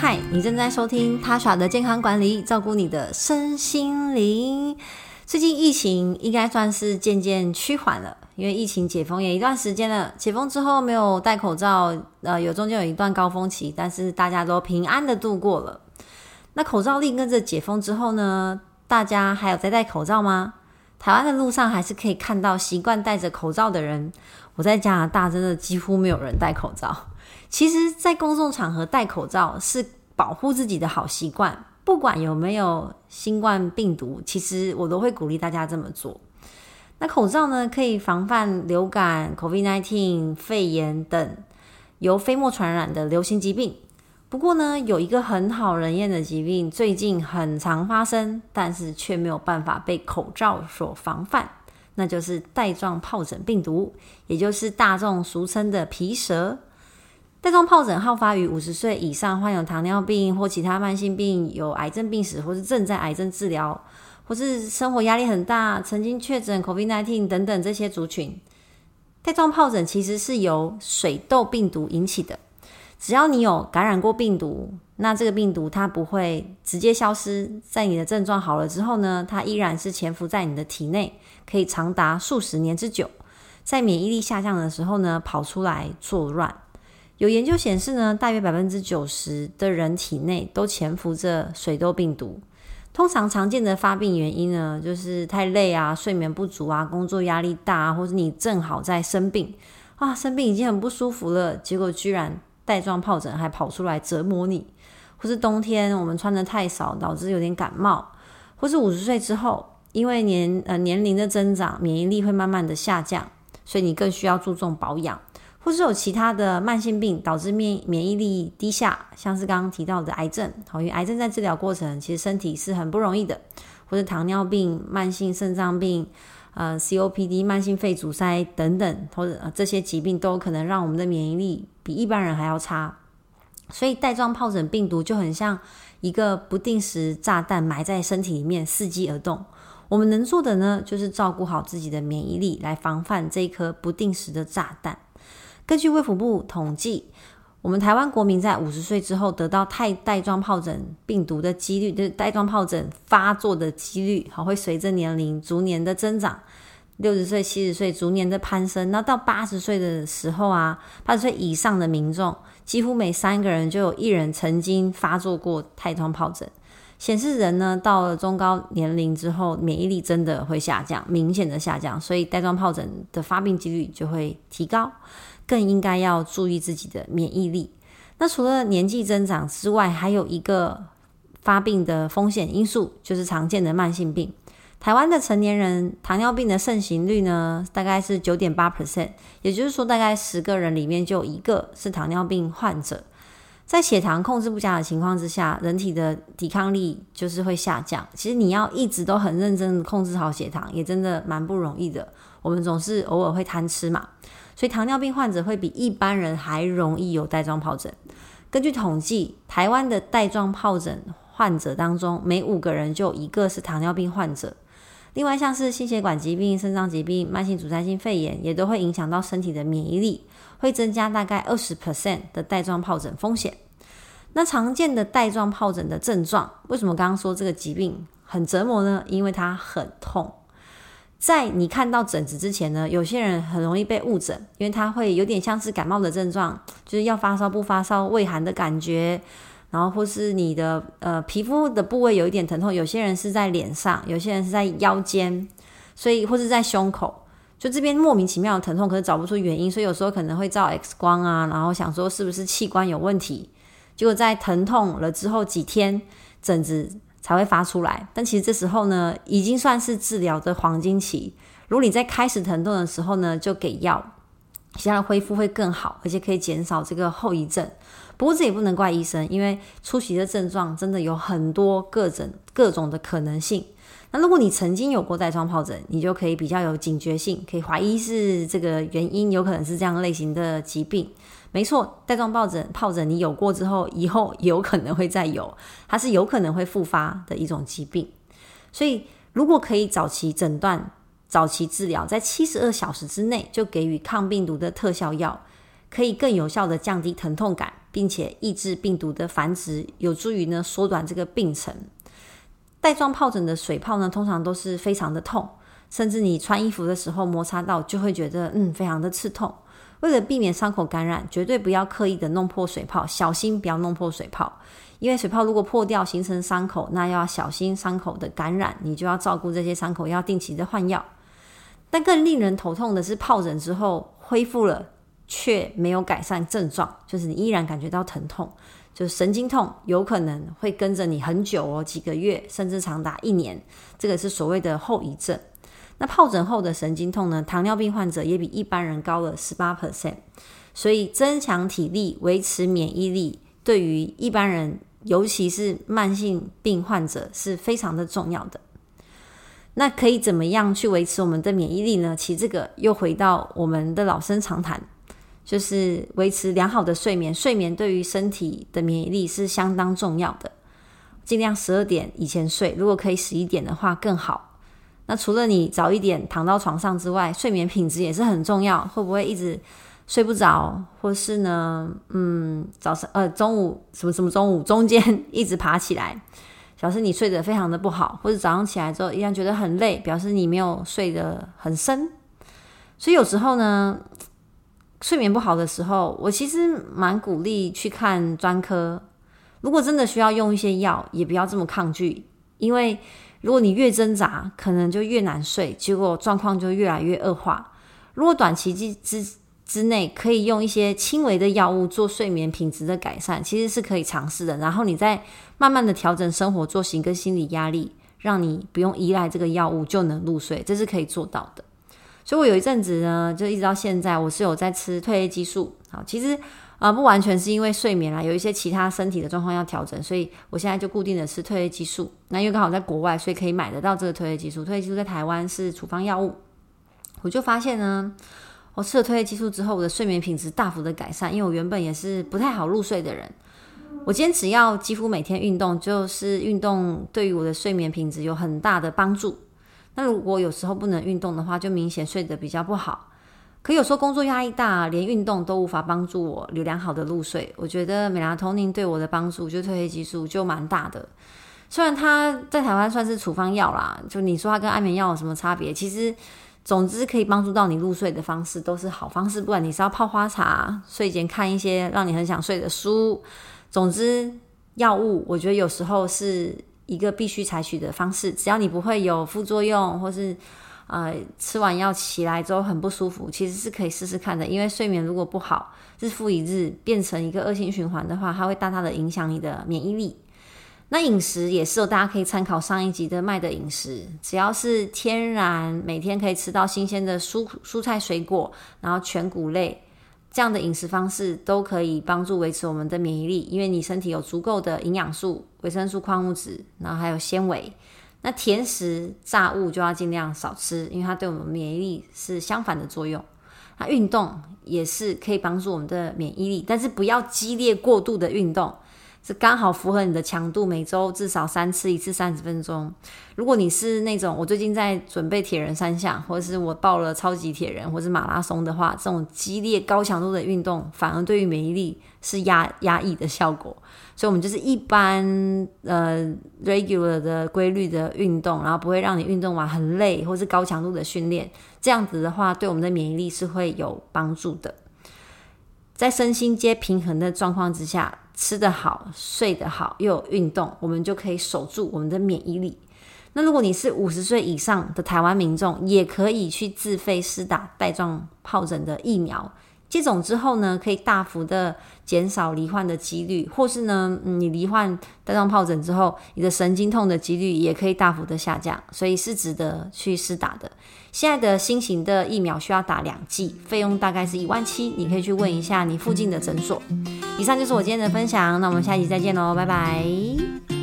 嗨，Hi, 你正在收聽 Tasha 的健康管理，照顧你的身心靈。最近疫情應該算是漸漸趨緩了，因為疫情解封也一段時間了。解封之後沒有戴口罩，呃，有中間有一段高峰期，但是大家都平安的度過了。那口罩令跟着解封之後呢，大家還有在戴口罩嗎？台灣的路上還是可以看到習慣戴着口罩的人。我在加拿大真的幾乎沒有人戴口罩。其實，在公眾場合戴口罩是保護自己的好習慣，不管有沒有新冠病毒，其實我都會鼓勵大家這麼做。那口罩呢，可以防範流感、COVID-19 肺炎等由飛沫傳染的流行疾病。不過呢，有一個很討人厭的疾病，最近很常發生，但是卻沒有辦法被口罩所防範，那就是帶狀疱疹病毒，也就是大眾俗稱的皮蛇。帶狀疱疹好發於五十歲以上、患有糖尿病或其他慢性病、有癌症病史，或是正在癌症治療，或是生活壓力很大、曾經確診 COVID-19 等等這些族群。帶狀疱疹其實是由水痘病毒引起的。只要你有感染過病毒，那這個病毒它不會直接消失。在你的症狀好了之後呢，它依然是潛伏在你的體內，可以長達數十年之久。在免疫力下降的時候呢，跑出來作亂。有研究顯示呢，大約百分之九十的人體內都潛伏着水痘病毒。通常常見的發病原因呢，就是太累啊、睡眠不足啊、工作壓力大，啊，或是你正好在生病啊，生病已經很不舒服了，結果居然帶狀疱疹還跑出來折磨你。或是冬天我們穿的太少，導致有點感冒，或是五十歲之後，因為年呃年齡的增長，免疫力會慢慢的下降，所以你更需要注重保養。或是有其他的慢性病導致免免疫力低下，像是剛剛提到的癌症，好，因為癌症在治療過程其實身體是很不容易的，或者糖尿病、慢性腎臟病、呃 COPD、COPD，慢性肺阻塞等等，或者、呃、這些疾病都可能讓我們的免疫力比一般人還要差，所以帶狀疱疹病毒就很像一個不定時炸彈埋在身體裡面伺機而動。我們能做的呢，就是照顧好自己的免疫力，來防範這一顆不定時的炸彈。根據衛福部統計，我們台灣國民在五十歲之後得到太帶狀疱疹病毒的幾率，就是帶狀疱疹發作的幾率，好，會隨着年齡逐年的增長，六十歲、七十歲逐年的攀升，那到八十歲的時候啊，八十歲以上的民眾，幾乎每三個人就有一人曾經發作過帶狀疱疹，顯示人呢到了中高年齡之後，免疫力真的會下降，明顯的下降，所以帶狀疱疹的發病幾率就會提高。更應該要注意自己的免疫力。那除了年紀增長之外，還有一個發病的風險因素就是常見的慢性病。台灣的成年人糖尿病的盛行率呢，大概是九點八 percent，也就是說，大概十個人裡面就有一個是糖尿病患者。在血糖控制不佳的情況之下，人體的抵抗力就是會下降。其實你要一直都很認真的控制好血糖，也真的蠻不容易的。我們總是偶爾會貪吃嘛。所以糖尿病患者會比一般人還容易有帶狀疱疹。根據統計，台灣的帶狀疱疹患者當中，每五個人就有一個是糖尿病患者。另外，像是心血管疾病、腎臟疾病、慢性阻塞性肺炎，也都會影響到身體的免疫力，會增加大概二十 percent 的帶狀疱疹風險。那常見的帶狀疱疹的症狀，為什麼剛剛說這個疾病很折磨呢？因為它很痛。在你看到疹子之前呢，有些人很容易被誤診，因為他會有點像是感冒的症狀，就是要發燒不發燒、畏寒的感覺，然後或是你的呃皮膚的部位有一點疼痛。有些人是在臉上，有些人是在腰間，所以或是在胸口，就這邊莫名其妙的疼痛，可是找不出原因，所以有時候可能會照 X 光啊，然後想說是不是器官有問題，結果在疼痛了之後幾天，疹子才會發出來，但其實這時候呢，已經算是治療的黃金期。如果你在開始疼痛的時候呢，就給藥，其實恢復會更好，而且可以減少這個後遺症。不過這也不能怪醫生，因為初期的症狀真的有很多各種各種的可能性。那如果你曾經有過帶狀疱疹，你就可以比較有警覺性，可以懷疑是這個原因，有可能是這樣類型的疾病。沒錯，帶狀疱疹，疱疹你有過之後，以後有可能會再有，它是有可能會復發的一種疾病。所以如果可以早期診斷、早期治療，在七十二小時之內就給予抗病毒的特效藥，可以更有效地降低疼痛感，並且抑制病毒的繁殖，有助於呢縮短這個病程。帶狀疱疹的水泡呢，通常都是非常的痛，甚至你穿衣服的時候摩擦到，就會覺得，嗯，非常的刺痛。為了避免傷口感染，絕對不要刻意的弄破水泡，小心不要弄破水泡。因為水泡如果破掉形成傷口，那要小心傷口的感染，你就要照顧這些傷口，要定期的換藥。但更令人頭痛的是，疱疹之後恢復了卻沒有改善症狀，就是你依然感覺到疼痛，就是神經痛，有可能會跟着你很久哦，幾個月甚至長達一年，這個是所謂的後遺症。那疱疹後的神經痛呢？糖尿病患者也比一般人高了十八 percent，所以增強體力、維持免疫力，對於一般人，尤其是慢性病患者，是非常的重要的。那可以怎麼樣去維持我們的免疫力呢？其實這個又回到我們的老生常談，就是維持良好的睡眠。睡眠對於身體的免疫力是相當重要的，儘量十二點以前睡，如果可以十一點的話更好。那除了你早一點躺到床上之外，睡眠品質也是很重要。會不會一直睡不着，或是呢？嗯，早上呃中午什麼什麼中午中間一直爬起來，表示你睡得非常的不好，或者早上起來之後依然覺得很累，表示你沒有睡得很深。所以有時候呢，睡眠不好的時候，我其實蠻鼓勵去看專科。如果真的需要用一些藥，也不要這麼抗拒，因為。如果你越掙扎，可能就越難睡，結果狀況就越來越惡化。如果短期之之之內可以用一些輕微的藥物做睡眠品質的改善，其實是可以嘗試的。然後你再慢慢的調整生活作息跟心理壓力，讓你不用依賴這個藥物就能入睡，這是可以做到的。所以我有一陣子呢，就一直到現在，我是有在吃褪黑激素。好，其實。啊、呃，不完全是因為睡眠啦，有一些其他身體的狀況要調整，所以我現在就固定的吃褪黑激素。那因為剛好在國外，所以可以買得到這個褪黑激素。褪黑激素在台灣是處方藥物，我就發現呢，我吃了褪黑激素之後，我的睡眠品質大幅的改善。因為我原本也是不太好入睡的人，我堅持要幾乎每天運動，就是運動對於我的睡眠品質有很大的幫助。那如果有時候不能運動的話，就明顯睡得比較不好。可有時候工作壓力大，連運動都無法幫助我有良好的入睡。我覺得美拉托寧對我的幫助，就褪黑激素就蠻大的。雖然它在台灣算是處方藥啦，就你說它跟安眠藥有什麼差別？其實，總之可以幫助到你入睡的方式都是好方式。不管你是要泡花茶、睡前看一些讓你很想睡的書，總之藥物我覺得有時候是一個必須採取的方式。只要你不會有副作用，或是呃，吃完藥起來之後很不舒服，其實是可以試試看的。因為睡眠如果不好，日復一日變成一個惡性循環的話，它會大大的影響你的免疫力。那飲食也是有，大家可以參考上一集的麥得飲食，只要是天然，每天可以吃到新鮮的蔬蔬菜水果，然後全穀類這樣的飲食方式，都可以幫助維持我們的免疫力。因為你身體有足夠的營養素、維生素、礦物質，然後還有纖維。那甜食、炸物就要盡量少吃，因為它對我們免疫力是相反的作用。那運動也是可以幫助我們的免疫力，但是不要激烈過度的運動。是剛好符合你的強度，每週至少三次，一次三十分鐘。如果你是那種我最近在準備鐵人三項，或者是我報了超級鐵人或是馬拉松的話，這種激烈高強度的運動，反而對於免疫力是壓壓抑的效果。所以，我們就是一般呃 regular 的規律的運動，然後不會讓你運動完很累，或是高強度的訓練，這樣子的話，對我們的免疫力是會有幫助的，在身心皆平衡的狀況之下。吃得好，睡得好，又有運動，我們就可以守住我們的免疫力。那如果你是五十歲以上的台灣民眾，也可以去自費施打帶狀疱疹的疫苗。接種之後呢，可以大幅的減少罹患的幾率，或是呢，嗯，你罹患帶狀疱疹之後，你的神經痛的幾率也可以大幅的下降，所以是值得去施打的。現在的新型的疫苗需要打兩劑，費用大概是一萬七，你可以去問一下你附近的診所。以上就是我今天的分享，那我們下一期再見嘍，拜拜。